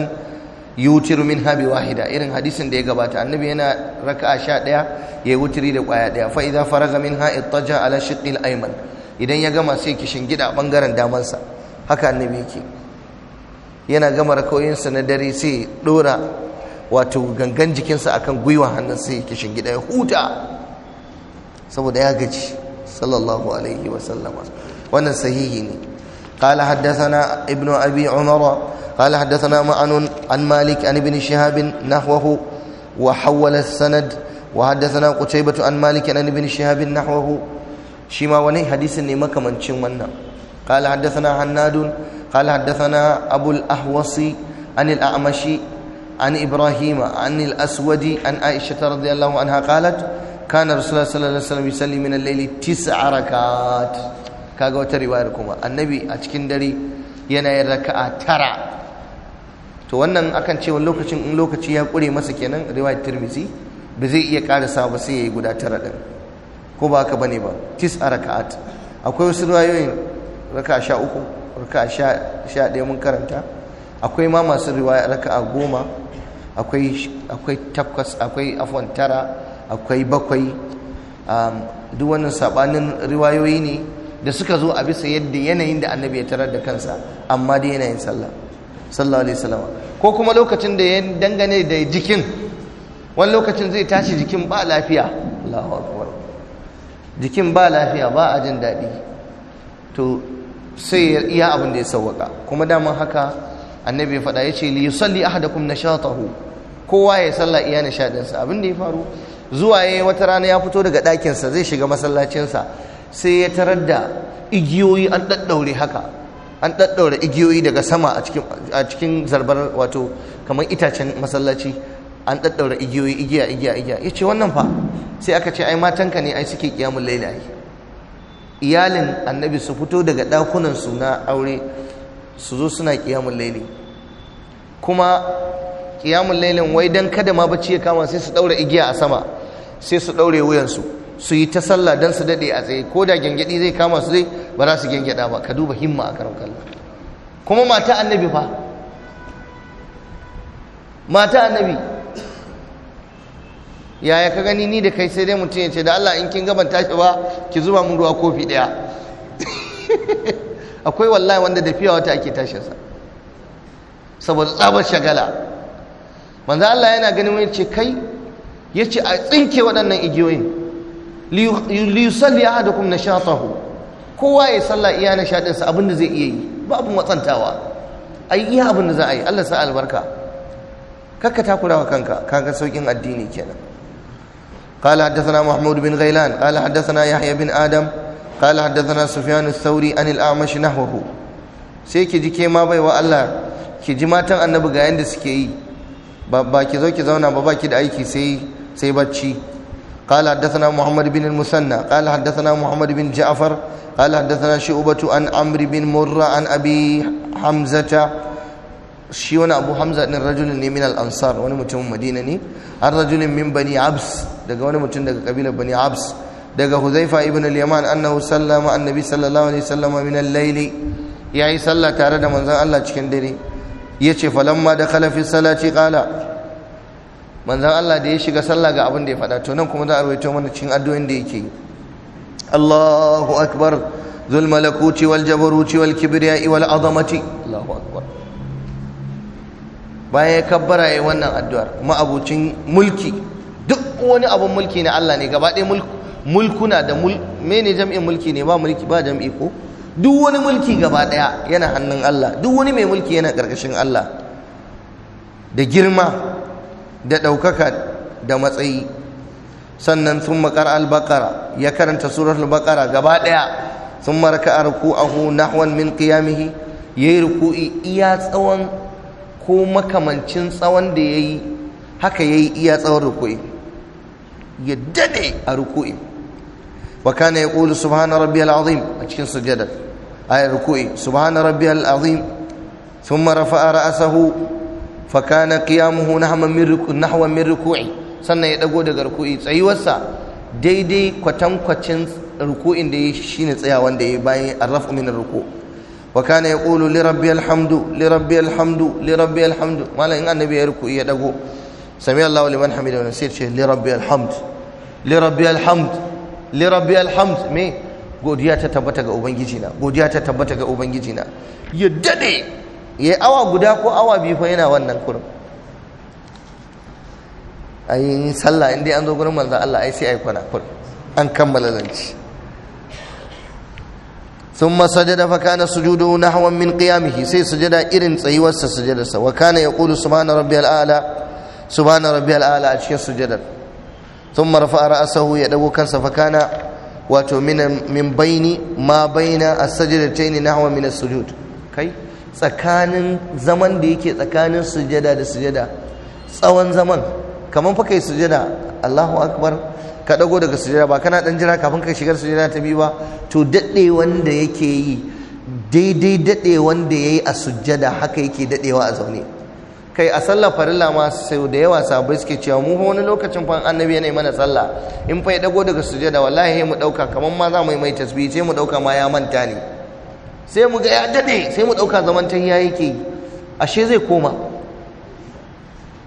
[SPEAKER 1] yutiru minha bi wahida irin hadisin da ya gabata annabi yana raka'a 11 ɗaya wutiri da kwaya daya fa idza faraga minha ittaja ala shiqqi al-ayman idan ya gama sai kishin gida bangaren damansa haka annabi yake yana gama rakoyinsa na dare sai dora wato gangan jikinsa akan gwiwa hannun sai kishin gida ya huta saboda ya gaji sallallahu alaihi wasallama wannan sahihi ne قال حدثنا ابن أبي عمر قال حدثنا معن عن مالك عن ابن شهاب نحوه وحول السند وحدثنا قتيبة عن مالك عن ابن شهاب نحوه wani وني حديث makamancin wannan. قال حدثنا حناد قال حدثنا أبو الأهوص عن الأعمش عن إبراهيم عن الأسود عن عائشة رضي الله عنها قالت كان رسول الله صلى الله عليه وسلم يصلي من الليل تسع ركعات kaga wata riwayar kuma annabi a cikin dare yana yin tara to wannan akan cewa lokacin in lokaci ya kure masa kenan riwayar tirmizi ba zai iya karasa ba sai yayi guda tara din ko ba haka bane ba tis a raka'at akwai wasu riwayoyin raka'a sha uku raka'a sha ɗaya mun karanta akwai ma masu riwaya raka a goma akwai takwas akwai afon tara akwai bakwai um, duk wannan sabanin riwayoyi ne da suka zo a bisa yadda yanayin da annabi ya tarar da kansa amma da yanayin sallah sallallahu alaihi wasallam ko kuma lokacin da ya dangane da jikin wani lokacin zai tashi jikin ba lafiya Allahu akbar jikin ba lafiya ba a jin daɗi to sai ya iya abin da ya sauwaka kuma daman haka annabi ya faɗa ya ce li na ahadakum nashatahu kowa ya salla iya nishadinsa abin da ya faru zuwa ya wata rana ya fito daga ɗakinsa zai shiga masallacinsa sai ya tarar da igiyoyi an ɗaɗɗaure haka an ɗaɗɗaure igiyoyi daga sama a cikin zarbar wato kamar itacen masallaci an ɗaɗɗaure igiyoyi igiya igiya igiya ya ce wannan fa sai aka ce ai matanka ne ai suke kiyamun laila iyalin annabi su fito daga dakunan su na aure su zo suna kiyamun laili kuma kiyamun lailin wai don kada ma bacci ya kama sai su ɗaura igiya a sama sai su ɗaure wuyansu su yi ta sallah don su daɗe a tsaye ko da gyangyaɗi zai kama su zai ba za su gyangyaɗa ba ka duba himma a karon kallon kuma mata annabi fa mata annabi yaya ka gani ni da kai sai dai mutum ya ce da Allah in kin gaban tashi ba ki zuba mun ruwa kofi daya akwai wallahi wanda da fiya wata ake tashin sa saboda tsabar shagala manzo Allah yana ganin wani ce kai yace a tsinke waɗannan igiyoyin li yusalli ahadukum nashatahu kowa ya salla iya nashadin sa abinda zai iya yi babu watsantawa. ai iya abinda za a yi Allah sa albarka kakka takura kanka kanka kaga saukin addini kenan قال حدثنا محمود بن غيلان قال حدثنا يحيى بن آدم قال حدثنا سفيان الثوري عن الأعمش نحوه sai ki ji ke ma bai wa Allah ki ji matan annabi ga yanda suke yi ba ba ki zo ki zauna ba ba ki da aiki sai sai bacci قال حدثنا محمد بن المثنى قال حدثنا محمد بن جعفر قال حدثنا شعبة عن عمرو بن مرة عن أبي حمزة shi wani abu hamza din rajulun ne min al-ansar wani mutumin madina ne an rajulun min bani abs daga wani mutum daga kabilar bani abs daga huzaifa ibn al-yaman annahu sallama annabi sallallahu alaihi sallama min al-layli yi sallah tare da manzon Allah cikin dare Ya yace falamma da kala fi salati qala manzon Allah da ya shiga sallah ga abin da ya faɗa to nan kuma za a rawaito mana cikin addu'o'in da yake Allahu akbar ذو الملكوت والجبروت والكبرياء والعظمة الله أكبر bayan ya kabbara ya wannan addu'ar ma'abucin mulki duk wani abun mulki na Allah ne gaba ɗaya mulkuna da mene jam'in mulki ne ba mulki ba jam'i ko duk wani mulki gaba ɗaya yana hannun Allah duk wani mai mulki yana ƙarƙashin Allah da girma da ɗaukaka da matsayi sannan sun makar albakara ya karanta surar albakara gaba ɗaya sun marka a ruku'ahu nahwan min qiyamihi ya yi ruku'i iya tsawon ko makamancin tsawon da ya yi haka ya yi iya tsawon ruku'i ya dade a ruku'i wa kana ya ƙulu subhana rabbiyal azim a cikin sujadar ayar ruku'i subhana rabbiyal azim thumma rafa'a asahu. fa kana qiyamuhu min min sannan ya dago daga ruku'i tsayuwarsa daidai kwatankwacin ruku'in da ya ne tsayawan da ya bayan arrafu min ruku' وكان يقول لربي الحمد لربي الحمد لربي الحمد ما لا إن النبي يركو يدقو سمي الله لمن حمده ونسير شيء لربي الحمد لربي الحمد لربي الحمد مي godiya ta tabbata ga na? godiya ta tabbata ga na? ya dade ya awa guda ko awa biyu fa yana wannan kurin ayin sallah inda an zo gurin manzan Allah ai sai ai kwana kurin an kammala zanci ثم سجد فكان سجوده نحوا من قيامه سي سجد إرن سيوس سجد وكان يقول سبحان ربي الأعلى سبحان ربي الأعلى أشياء سجد ثم رفع رأسه يدعو كنس فكان واتو من من بين ما بين السجدتين نحو من السجود كي tsakanin zaman da yake tsakanin sujada da sujada tsawon zaman kamar fa kai sujada Allahu akbar ka dago daga sujada ba kana dan jira kafin ka shigar sujada ta biyu ba to dade wanda yake yi daidai dade wanda yayi a sujada haka yake dadewa a zaune kai a sallar farilla ma sau da yawa sabai suke cewa mu wani lokacin fa annabi yana mana sallah in fa ya dago daga sujada wallahi mu dauka kaman ma za mu yi mai tasbihi sai mu dauka ma ya manta ne sai mu ga ya dade sai mu dauka zaman ya yake ashe zai koma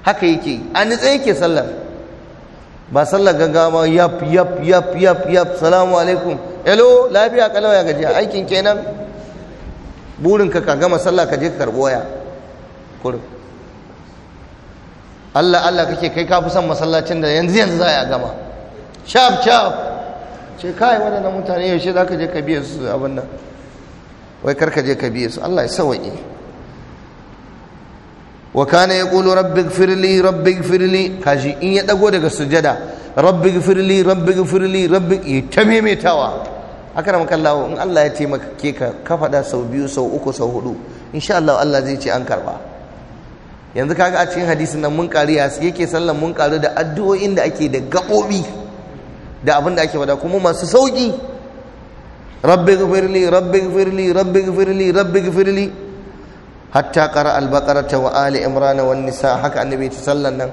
[SPEAKER 1] haka yake a nitsa yake sallar ba sallar gaggawa yap yap yap yap yap salamu alaikum hello lafiya kalau ya gajiya aikin kenan burinka ka gama sallah ka je ka karbo waya kurin Allah Allah kake kai kafi son masallacin da yanzu yanzu za a gama shaf sharp ce kai waɗannan mutane yaushe za ka je ka biya su abin nan wai kar ka je ka biya su Allah ya sawaye wa kana yaqulu rabbi ighfirli rabbi ighfirli kashi in ya dago daga sujada rabbi ighfirli rabbi ighfirli rabbi ya ta memetawa akram kallahu in Allah ya taimake ka ka fada sau biyu sau uku sau hudu insha Allah Allah zai ce an karba yanzu kaga a cikin hadisi nan mun kariya yake sallan mun karu da addu'o'in da ake da gaɓobi da abin da ake fada kuma masu sauki rabbi gfirli rabbi firli rabbi firli rabbi hatta ƙara al ta wa ali imrana wa nisa haka annabi ta sallan nan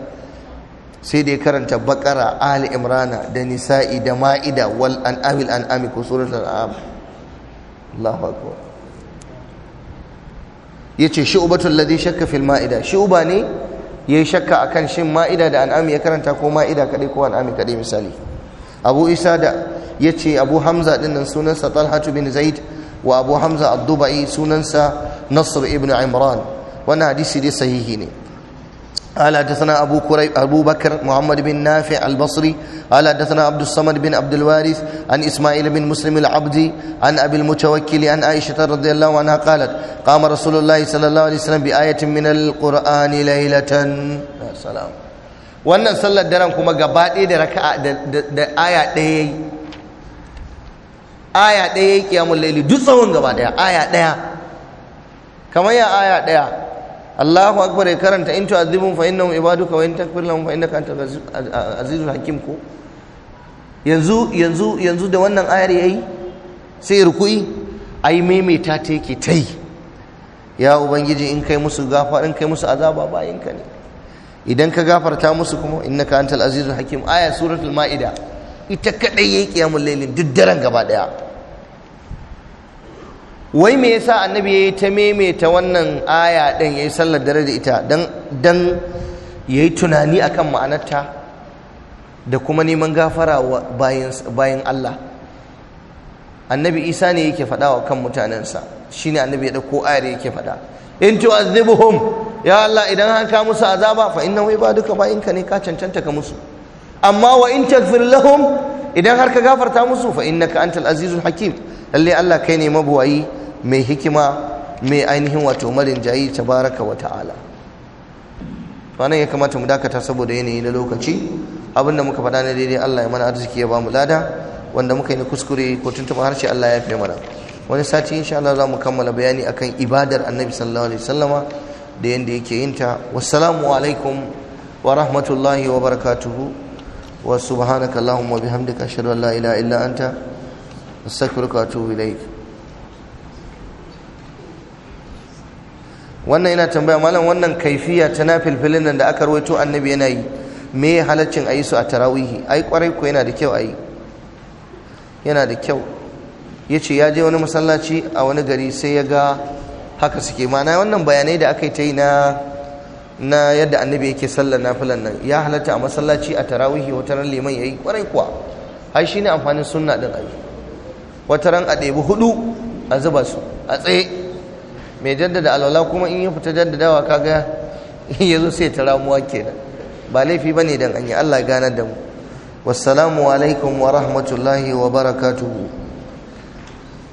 [SPEAKER 1] sai da ya karanta baƙara ali imrana da nisa'i da ma'ida wal an'amil an'ami ko suratul an'am Allahu akbar yace shu'batul ladhi shakka fil ma'ida shu'ba ne yayi shakka akan shin ma'ida da an'ami ya karanta ko ma'ida kadai ko an'ami kadai misali Abu Isa da yace Abu Hamza dinnan sunansa Talhatu bin Zaid wa abu hamza ad-dubai sunansa nasr ibn imran wannan hadisi dai sahihi ne قال حدثنا أبو كريب أبو بكر محمد بن نافع البصري قال حدثنا عبد الصمد بن عبد الوارث عن إسماعيل بن مسلم العبدي عن أبي المتوكل عن عائشة رضي الله عنها قالت قام رسول الله صلى الله عليه وسلم بآية من القرآن ليلة يا سلام wannan sallar daren kuma gaba ɗaya da raka'a da aya ɗaya aya ɗaya ya yi kiyamun laili duk tsawon gaba ɗaya aya ɗaya kamar ya aya ɗaya Allahu akbar ya karanta in tu'adhibum fa innahum ibaduka wa in takfir lahum fa innaka antal azizul hakim ko yanzu yanzu yanzu da wannan ayar yayi sai rukui ai maimaita ta yake tai ya ubangiji in kai musu gafar in kai musu azaba bayin ka ne idan ka gafarta musu kuma innaka antal azizul hakim aya suratul maida ita kadai yayi kiyamul lailin duk daren gaba daya wai me yasa annabi yayi ta maimaita wannan aya ya yayi sallar dare da ita dan ya yayi tunani akan ma'anarta da kuma neman gafara bayan Allah annabi Isa ne yake faɗa wa kan mutanensa Shi ne annabi ya ko ayar yake faɗa in tu'azzibuhum ya Allah idan an ka musu azaba fa duka bayin ka ne ka cancanta ka musu amma wa in taghfir lahum idan har ka gafarta musu fa innaka antal azizul hakim lalle Allah kai ne mabuwayi mai hikima mai ainihin wato marin jayi tabaraka wa ta'ala wannan ya kamata mu dakata saboda yanayi na lokaci abinda muka faɗa na daidai Allah ya mana arziki ya ba mu lada wanda muka yi na kuskure ko tuntuɓa harshe Allah ya fi mana wani sati insha Allah za mu kammala bayani akan ibadar annabi sallallahu alaihi wasallama da yanda yake yin ta wassalamu alaikum wa rahmatullahi wa barakatuhu wa bihamdika ashhadu an la illa anta استغفرك واتوب اليك wannan yana tambaya malam wannan kaifiya ta filin nan da aka rawaito annabi yana yi me halaccin ayi su a tarawihi ai kwarai ko yana da kyau ayi yana da kyau yace ya je wani masallaci a wani gari sai ya ga haka suke mana wannan bayanai da aka yi ta yi na na yadda annabi yake sallar nafilan nan ya halatta a masallaci a tarawihi wata ran liman yayi kwarai kuwa ai shine amfanin sunna din ayi wata ran a ɗebi hudu a zuba su a tsaye mai jaddada alwala kuma in ya fita jaddadawa kaga ya zo sai ta ramuwa kenan ba laifi ba ne don an yi allah ganar da mu wassalamu alaikum wa rahmatullahi wa barakatuhu